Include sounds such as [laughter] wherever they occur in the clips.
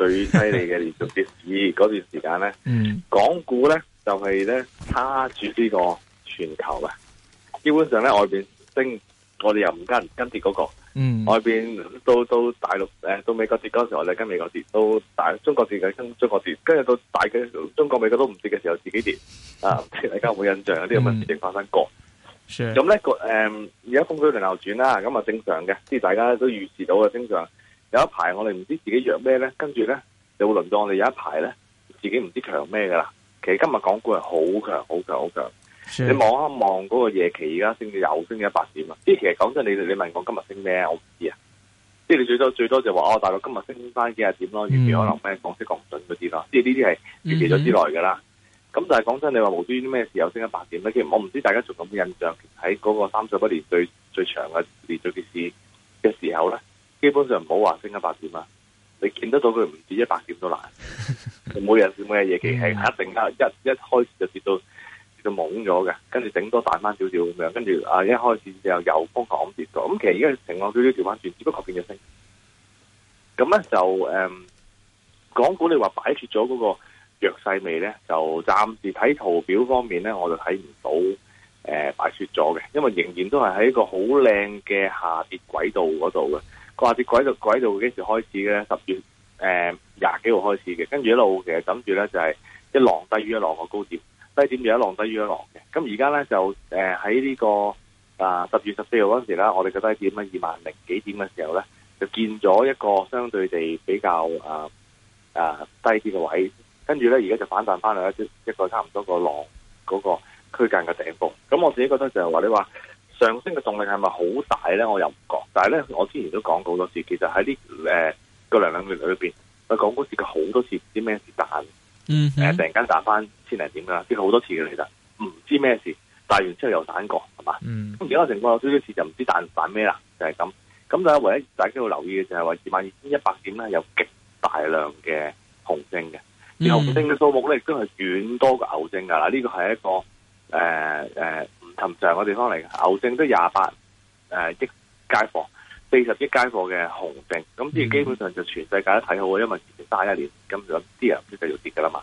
[laughs] 最犀利嘅連續跌市嗰段時間咧，嗯、港股咧就係咧卡住呢個全球嘅，基本上咧外邊升，我哋又唔跟跟跌嗰、那個，嗯、外邊到到大陸誒、呃、到美國跌嗰陣時候，我哋跟美國跌，到大中國跌就跟中國跌，跟住到大嘅中國美國都唔跌嘅時候，自己跌啊，唔知大家有冇印象呢個問題已經發生過。咁咧個誒而家風水輪流轉啦，咁啊正常嘅，即係大家都預示到嘅正常。有一排我哋唔知自己弱咩咧，跟住咧就會輪到我哋有一排咧，自己唔知強咩噶啦。其實今日港股係好強、好強、好強。你望一望嗰個夜期，而家升到又升咗一百點啊！即係其實講真，你你問我今日升咩，我唔知啊。即係你最多最多就話哦，大概今日升翻幾十點咯，預期可能咩講息、唔準嗰啲啦。即係呢啲係預期咗之內噶啦。咁但係講真，你話無端啲咩時候升一百點咧？其實我唔知大家仲有冇印象喺嗰個三十多年最最長嘅跌咗嘅市嘅時候咧。基本上唔好話升一百點啦，你見得到佢唔止一百點都難。每日每日嘢嘅，係一定啦。一一開始就跌到跌到懵咗嘅，跟住整多大翻少少咁樣，跟住啊一開始又由高講跌咗。咁其實而家嘅情況都要調翻轉，只不過變咗升。咁咧就誒、嗯，港股你話擺脫咗嗰個弱勢味咧，就暫時睇圖表方面咧，我就睇唔到誒擺脫咗嘅，因為仍然都係喺一個好靚嘅下跌軌道嗰度嘅。話隻軌道軌道幾時開始嘅？10月呃、十月誒廿幾號開始嘅，跟住一路其實諗住咧就係一浪低於一浪個高點，低點又一浪低於一浪嘅。咁而家咧就誒喺、呃這個呃、呢個啊十月十四號嗰時咧，我哋嘅低點喺二萬零幾點嘅時候咧，就見咗一個相對地比較誒誒、呃呃、低啲嘅位。跟住咧而家就反彈翻嚟一一個差唔多個浪嗰個區間嘅頂峰。咁、嗯、我自己覺得就係、是、話你話。上升嘅動力係咪好大咧？我又唔覺。但係咧，我之前都講過好多次，其實喺呢誒個兩兩月裏邊，佢港股跌過好多次不道什麼，唔知咩事彈，誒、mm hmm. 呃、突然間彈翻千零點噶啦，跌過好多次嘅其實，唔知咩事，彈完之後又彈過，係嘛？咁而家嘅情況有少少事就唔知彈散咩啦，就係、是、咁。咁但係唯一大家要留意嘅就係話，二萬二千一百點咧有極大量嘅紅證嘅，紅證嘅數目咧亦都係遠多過牛證噶。嗱、mm，呢、hmm. 個係一個誒誒。呃呃尋常嘅地方嚟嘅牛證都廿八誒億街貨，四十億街貨嘅熊證，咁即係基本上就全世界都睇好嘅，因為之前卅一年咁有啲人都繼續跌嘅啦嘛。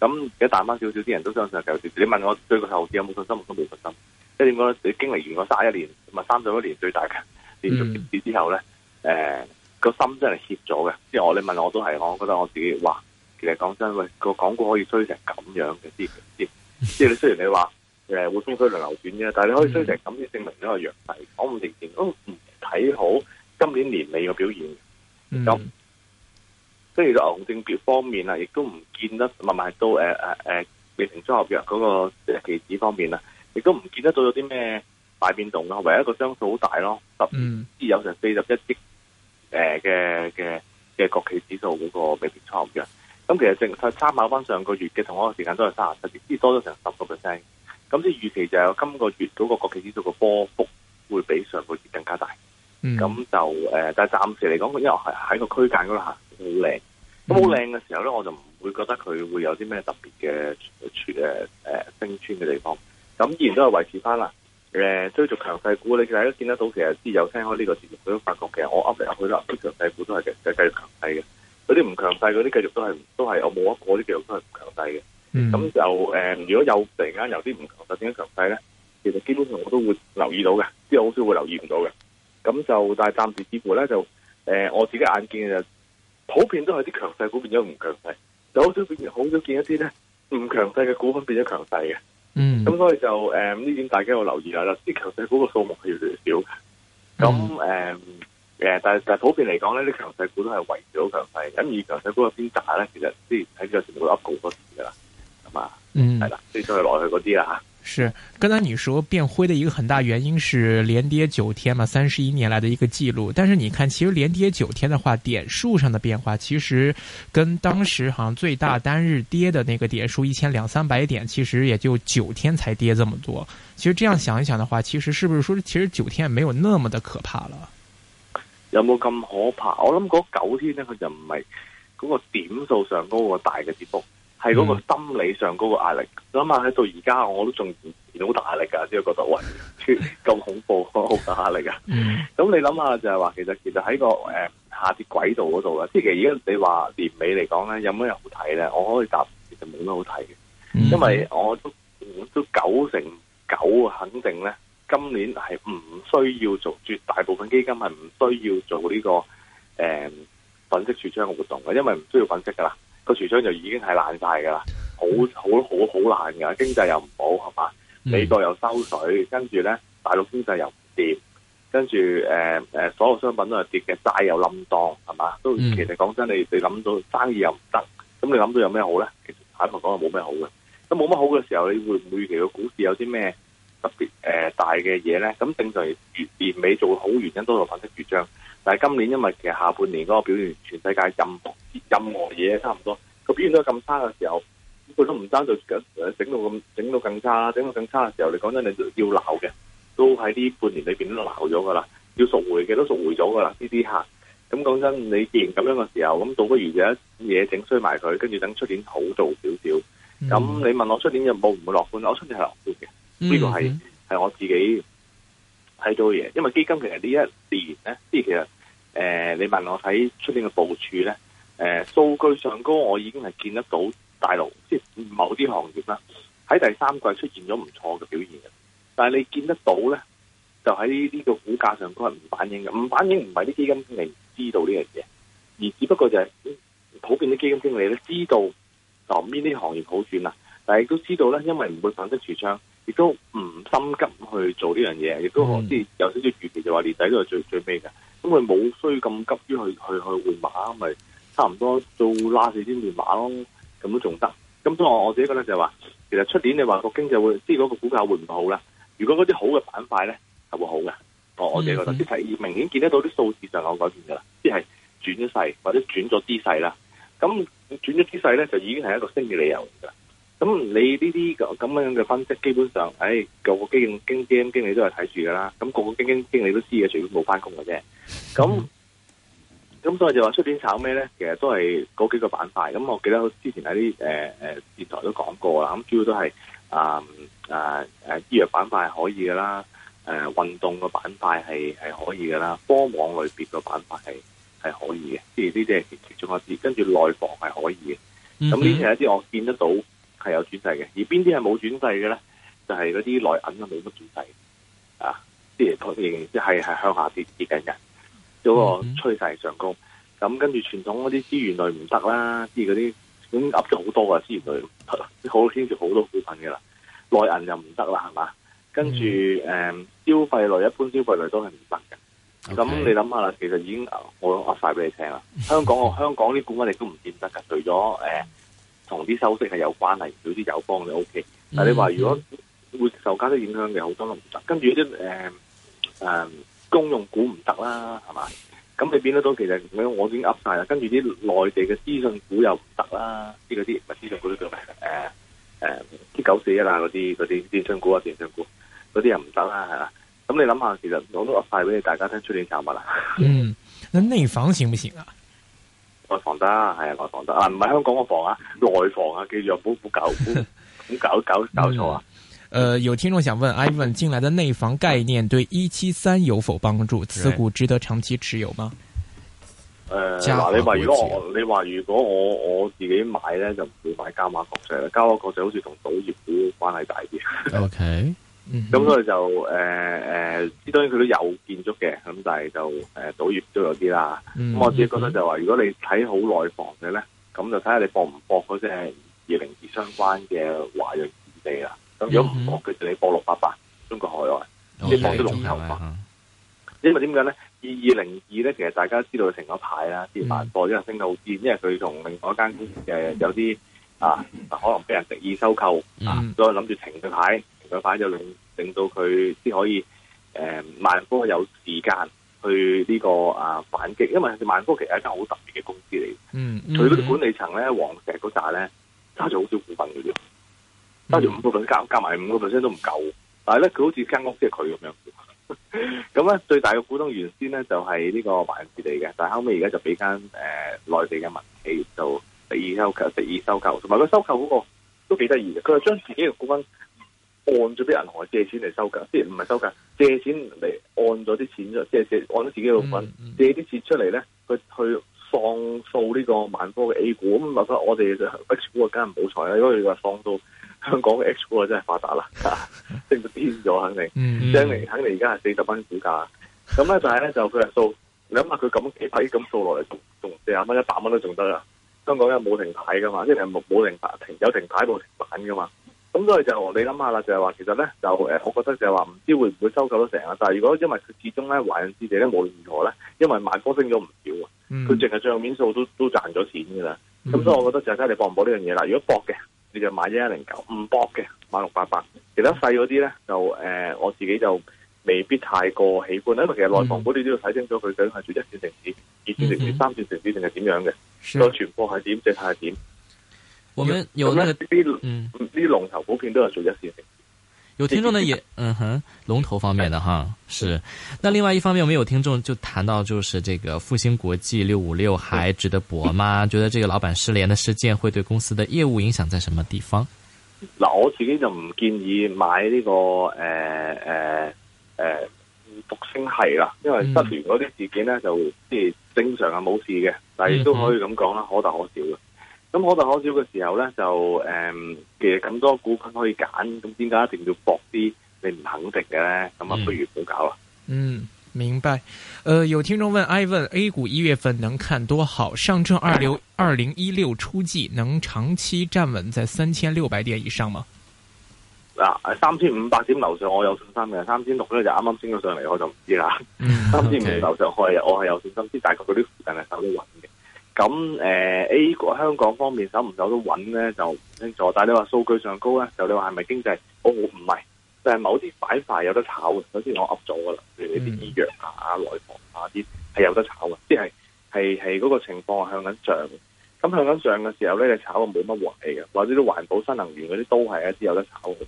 咁而家淡翻少少，啲人都相信係繼續跌。你問我對個後市有冇信心？我冇信心，即係點講咧？你經歷完個卅一年，唔係三十一年最大嘅連續跌跌之後咧，誒、呃個心真係怯咗嘅。即係我你問我都係，我覺得我自己話，其實講真，喂、個港股可以衰成咁樣嘅，知即係你雖然你話。誒，會風水輪流轉啫，但係你可以衰成咁啲證明咗個弱勢。我唔認同，hmm. 都唔睇好今年年尾嘅表現。咁、mm，跟住就牛熊證方面也不啊，亦都唔見得，慢慢都係到誒誒誒，未平倉合約嗰個期指方面啊，亦都唔見得到有啲咩大變動咯。唯一,一個升數好大咯，十至有成四十一億誒嘅嘅嘅國企指數嗰個未平倉合約，咁、嗯、其實淨係參考翻上個月嘅同嗰個時間都係卅七點，即係多咗成十個 percent。咁即預期就係今個月嗰個國企指數嘅波幅會比上個月更加大。咁就、嗯、但係暫時嚟講，因為喺個區間嗰度行好靚，咁好靚嘅時候咧，我就唔會覺得佢會有啲咩特別嘅誒誒升穿嘅地方。咁依然都係維持翻啦。誒、啊，追逐強勢股，你大家都見得到，其實之前有聽開呢個節目佢都發覺，其實我噏嚟噏去啦，啲強勢股都係、就是、繼繼續強勢嘅。嗰啲唔強勢嗰啲，繼續都係都係我冇一個啲繼續都係唔強勢嘅。咁、嗯、就誒、呃，如果有突然間有啲唔強勢變咗強勢咧，其實基本上我都會留意到嘅，即係好少會留意唔到嘅。咁就但係暫時似乎咧就誒、呃，我自己眼見嘅就、普遍都係啲強勢股變咗唔強勢，就好少變，好少見一啲咧唔強勢嘅股份變咗強勢嘅。嗯，咁所以就誒呢、呃、點大家要留意下啦，啲強勢股嘅數目係越嚟越少。咁誒誒，但係但係普遍嚟講咧，啲強勢股都係圍住好強勢。咁而強勢股入邊大咧，其實即係喺個市度噏好多次㗎啦。嗯，係啦，追上去落去嗰啲啦吓。是，剛才你說變灰的一個很大原因，是連跌九天嘛，三十一年來的一個記錄。但是你看，其實連跌九天的話，點數上的變化，其實跟當時好像最大單日跌的那個點數一千兩三百點，其實也就九天才跌這麼多。其實這樣想一想的話，其實是不是說，其實九天也沒有那麼的可怕了？有冇咁可怕？我諗嗰九天呢，佢就唔係嗰個點數上嗰個大嘅跌幅，係嗰個心理上嗰個壓力，諗下喺到而家我都仲見到好大壓力噶，即係覺得喂，咁恐怖好大壓力噶。咁、嗯嗯、你諗下就係話，其實在、這個嗯、其實喺個誒下跌軌道嗰度咧，即係而家你話年尾嚟講咧，有咩好睇咧？我可以答，其實冇咩好睇嘅，嗯、因為我都都九成九肯定咧，今年係唔需要做，絕大部分基金係唔需要做呢、這個誒、嗯、粉飾櫥窗嘅活動嘅，因為唔需要粉飾噶啦。個櫥窗就已經係爛晒噶啦，好好好好爛噶，經濟又唔好係嘛，美國又收水，跟住咧，大陸經濟又唔掂，跟住誒誒，所有商品都係跌嘅，債又冧檔係嘛，都其實講真，你你諗到生意又唔得，咁你諗到有咩好咧？其實坦白講，又冇咩好嘅，咁冇乜好嘅時候，你會唔會預期個股市有啲咩？特別誒、呃、大嘅嘢咧，咁正常係年尾做好原因，都係品質主張。但係今年因為其實下半年嗰個表現，全世界任何任何嘢差唔多，個表現都咁差嘅時候，佢都唔爭就整到咁，整、呃、到更差，整到更差嘅時候，你講真的，你要鬧嘅，都喺呢半年裏邊都鬧咗噶啦，要贖回嘅都贖回咗噶啦，呢啲客。咁講真，你既然咁樣嘅時候，咁倒不如而家嘢整衰埋佢，跟住，等出年好做少少。咁你問我出年有冇唔會樂觀？我出年係樂觀嘅。呢 [music] 個係係我自己睇到嘅嘢，因為基金其實呢一年咧，即係其實誒、呃，你問我睇出邊嘅部署咧，誒、呃，數據上高我已經係見得到大陸即係某啲行業啦，喺第三季出現咗唔錯嘅表現嘅。但係你見得到咧，就喺呢個股價上高係唔反映嘅，唔反映唔係啲基金經理知道呢樣嘢，而只不過就係、是嗯、普遍啲基金經理咧知道旁邊啲行業好轉啦，但係亦都知道咧，因為唔會粉飾櫥窗。亦都唔心急去做呢樣嘢，亦都可即係有少少預期，就話、嗯、年底都係最最尾㗎。咁佢冇需咁急於去去去換碼咪，差唔多做拉住啲換碼咯，咁都仲得。咁所以我我自己覺得就係話，其實出年你話個經濟會，即係嗰個股價會唔會好啦。如果嗰啲好嘅板塊咧，係會好嘅。我我自己覺得，即係、嗯、明顯見得到啲數字上有改變噶啦，即係轉咗勢或者轉咗啲勢啦，咁轉咗啲勢咧就已經係一個升嘅理由噶啦。咁你呢啲咁樣嘅分析，基本上，誒、哎、個經經經經理都係睇住噶啦。咁個個經經經理都知嘅，除非冇翻工嘅啫。咁咁所以就話出面炒咩咧？其實都係嗰幾個板塊。咁我記得我之前喺啲誒誒電台都講過啦。咁主要都係、嗯、啊啊誒醫藥板塊係可以嘅啦，誒、啊、運動嘅板塊係係可以嘅啦，科網類別嘅板塊係係可以嘅。即係呢啲係其中一啲，跟住內房係可以嘅。咁呢啲係一啲我見得到。係有轉勢嘅，而邊啲係冇轉勢嘅咧？就係嗰啲內銀沒的啊，冇乜轉勢啊，即係同仍然即係係向下跌跌緊嘅，嗰個趨勢上攻。咁跟住傳統嗰啲資源類唔得啦，啲嗰啲已經噏咗好多個資源類，好牽住好多股份嘅啦。內銀又唔得啦，係嘛？跟住誒 Okay.、嗯、消費類，一般消費類都係唔得嘅。咁你諗下啦，其實已經我噏曬俾你聽啦。香港香港啲股我哋都唔見得㗎，除咗誒。呃同啲收息係有關係，如啲有幫就 O K。但係你話如果會受加息影響嘅好多都唔得，跟住啲誒誒公用股唔得啦，係嘛？咁你變得到其實我已經 up 晒啦。跟住啲內地嘅資訊股又唔得啦，啲嗰啲唔係資訊股都叫咩？誒、呃、誒，啲九四一啊嗰啲嗰啲電訊股啊，電訊股嗰啲又唔得啦，係嘛？咁你諗下，其實我都 up 晒俾你大家聽，出點雜物啦。嗯，咁內房行唔行啊？內房得係啊，內房得啊，唔係香港個房啊，內房啊，叫做補補狗，補狗搞搞錯啊。誒、 [laughs] 嗯呃，有聽眾想問 Ivan 進來的內房概念對一七三有否幫助？此股值得長期持有嗎？誒、呃，嗱、呃呃，你話如果我，你話如果我我自己買咧，就唔會買加碼國際啦。加碼國際好似同賭業股關係大啲。 [laughs] OK。咁所以就誒誒、呃，當然佢都有建築嘅，咁但係就誒賭業都有啲啦。咁、嗯、哼我自己覺得就話，如果你睇好內房嘅咧，咁就睇下你博唔博嗰隻二零二相關嘅華潤地啊。咁、嗯、哼如果唔博，佢就你博六八八中國海外，即係、嗯、哼博啲龍頭嘛。嗯、因為點解咧？二二零二咧，其實大家都知道佢停咗牌啦，之前賣貨因為升到好堅，嗯、哼因為佢同另外一間公司嘅有啲啊，可能俾人提議收購啊，嗯、哼所以諗住停咗牌。佢快就令令到佢先可以，誒萬科有時間去呢、這個啊反擊，因為萬科其實係一間好特別嘅公司嚟嘅。嗯，佢嗰啲管理層咧，黃石嗰紮咧揸住好少股份嗰啲，揸住五個 percent 加加埋五個 percent 都唔夠。但係咧，佢好似間屋即係佢咁樣。咁咧，呢嗯、最大嘅股東原先咧就係、是、呢個環市嚟嘅，但係後尾而家就俾間誒、呃、內地嘅民企就第二收，收購，第二收購、那個，同埋佢收購嗰個都幾得意嘅，佢就將自己嘅股份，按咗啲銀行借錢嚟收㗎，即係唔係收㗎，借錢嚟按咗啲錢即借借按咗自己個份，嗯嗯、借啲錢出嚟咧，佢去放數呢個萬科嘅 A 股。咁嗱，我哋就 H 股啊，梗係冇財啦，如果你話放到香港嘅 H 股啊，真係發達啦，升到跌咗肯定，將嚟、 [laughs] 嗯、肯定而家係四十蚊股價。咁咧就係咧就佢係數，你諗下佢咁幾批咁數落嚟，仲四十蚊、一百蚊都仲得啦。香港咧冇停牌噶嘛，即係冇冇停牌，停有停牌冇停牌噶嘛。咁所以就你諗下啦，就係、是、話其實咧，就誒、呃，我覺得就係話唔知會唔會收購到成日。但係如果因為佢始終咧華潤置地咧，無論如何咧，因為萬科升咗唔少啊，佢淨係賬面數都都賺咗錢噶啦。咁、嗯、所以我覺得就係、是、睇你博唔博呢樣嘢啦。如果博嘅，你就買一一零九；唔博嘅，買六八八。其他細嗰啲咧，就誒、呃，我自己就未必太過喜歡啦。因為其實內房股、嗯、你都要睇清楚佢究竟係住一綫城市、二綫城市、嗯、三綫城市定係點樣嘅，再傳播係點，政策係點。我們有那個嗯，啲龍頭普遍都有做啲事情。有聽眾呢，也嗯哼，龍頭方面的哈是。那另外一方面，我們有聽眾就談到，就是這個復星國際六五六還值得博嗎？覺得這個老闆失聯的事件會對公司的業務影響在什麼地方？嗱，我自己就唔建議買呢、這個誒誒誒復星係啦，因為失聯嗰啲事件呢就即係正常係冇事嘅，但係都可以咁講啦，嗯、哼可大可小嘅。咁可大可小嘅時候咧，就誒，其實咁多股份可以揀，咁點解一定要搏啲你唔肯定嘅咧？咁啊，不如唔好搞啦。嗯，明白。誒、呃，有聽眾問，Ivan、啊、問 A 股一月份能看多好？上證二六二零一六初季能長期站穩在三千六百點以上嗎？嗱，三千五百點樓上，我有信心嘅。三千六咧就啱啱升咗上嚟，我就唔知啦。三千五樓上開，我係有信心，但大概嗰啲附近係手。啲咁、呃、誒，A 股香港方面守唔守都穩咧，就唔清楚。但係你話數據上高咧，就你話係咪經濟？哦、唔、哦、係，就係某啲板塊有得炒。首先我噏咗噶啦，譬如呢啲醫藥啊、內房啊啲係有得炒嘅，即係係係嗰個情況向緊上。咁向緊上嘅時候咧，你炒冇乜鑊氣嘅。或者啲環保、新能源嗰啲都係一啲有得炒嘅。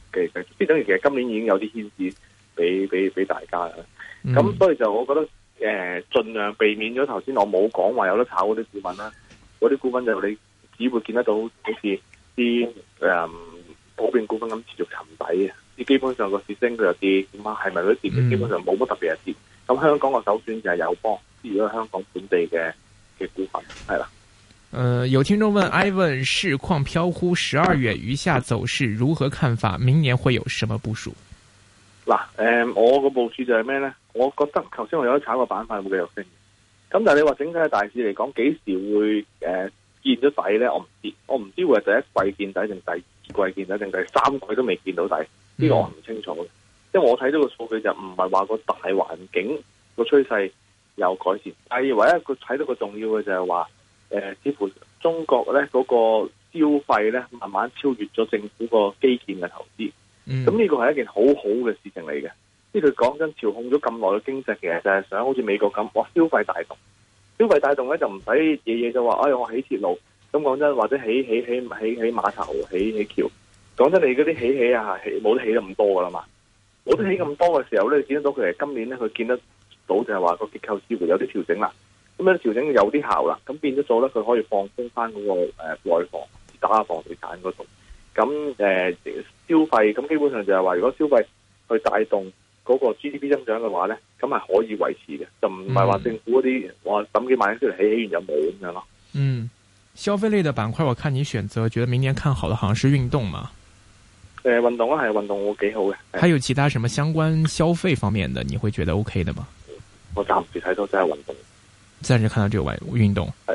即係，等於其實今年已經有啲先知俾俾俾大家啦。咁、嗯、所以就我覺得。誒，盡量避免咗頭先我冇講話有得炒嗰啲股份啦，嗰啲股份就你只會見得到，好似啲誒普遍股份咁持續沉底嘅，啲基本上個市升佢又跌，咁啊係咪嗰啲基本上冇乜特別嘅跌？咁、嗯、香港個首選就係友邦，至於香港本地嘅嘅股份係啦。誒、呃，有聽眾問，Ivan 市況飄忽，十二月餘下走勢如何看法？明年會有什麼部署？嗱，誒、呃，我個部署就係咩咧？我覺得頭先我有得炒個板塊會繼續升，咁但係你話整體嘅大市嚟講，幾時會誒、呃、見咗底咧？我唔知，我唔知會係第一季見底，定第二季見底，定第三季都未見到底，呢個、嗯、我唔清楚嘅。因為我睇到個數據就唔係話個大環境個趨勢有改善，第二，唯一個睇到個重要嘅就係話，誒、呃，似乎中國咧嗰、那個消費咧慢慢超越咗政府個基建嘅投資。咁呢、嗯、個係一件好好嘅事情嚟嘅，即係佢講真，調控咗咁耐嘅經濟，其實就係想好似美國咁，哇，消費帶動，消費帶動咧就唔使嘢嘢就話，哎，我起鐵路，咁講真，或者起起起起起碼頭，起起橋，講真你嗰啲起起啊，起冇得起咁多噶啦嘛，冇、嗯、得起咁多嘅時候咧，見得到佢係今年咧，佢見得到就係話、個結構似乎有啲調整啦，咁樣調整有啲效啦，咁變咗做咧佢可以放鬆翻嗰個誒、呃、外房，打下房地產嗰度。咁誒、嗯，消費咁基本上就係話，如果消費去帶動嗰個 GDP 增長嘅話咧，咁係可以維持嘅，就唔係話政府嗰啲哇抌幾萬蚊出嚟起起完就冇咁樣咯。嗯，消費類的板塊，我看你選擇覺得明年看好的，好像是運動嘛。誒、嗯，運動啊，係運動我幾好嘅。的還有其他什麼相關消費方面的，你會覺得 OK 的嗎？我暫時睇到就係運動。暫時看到就係運動。係。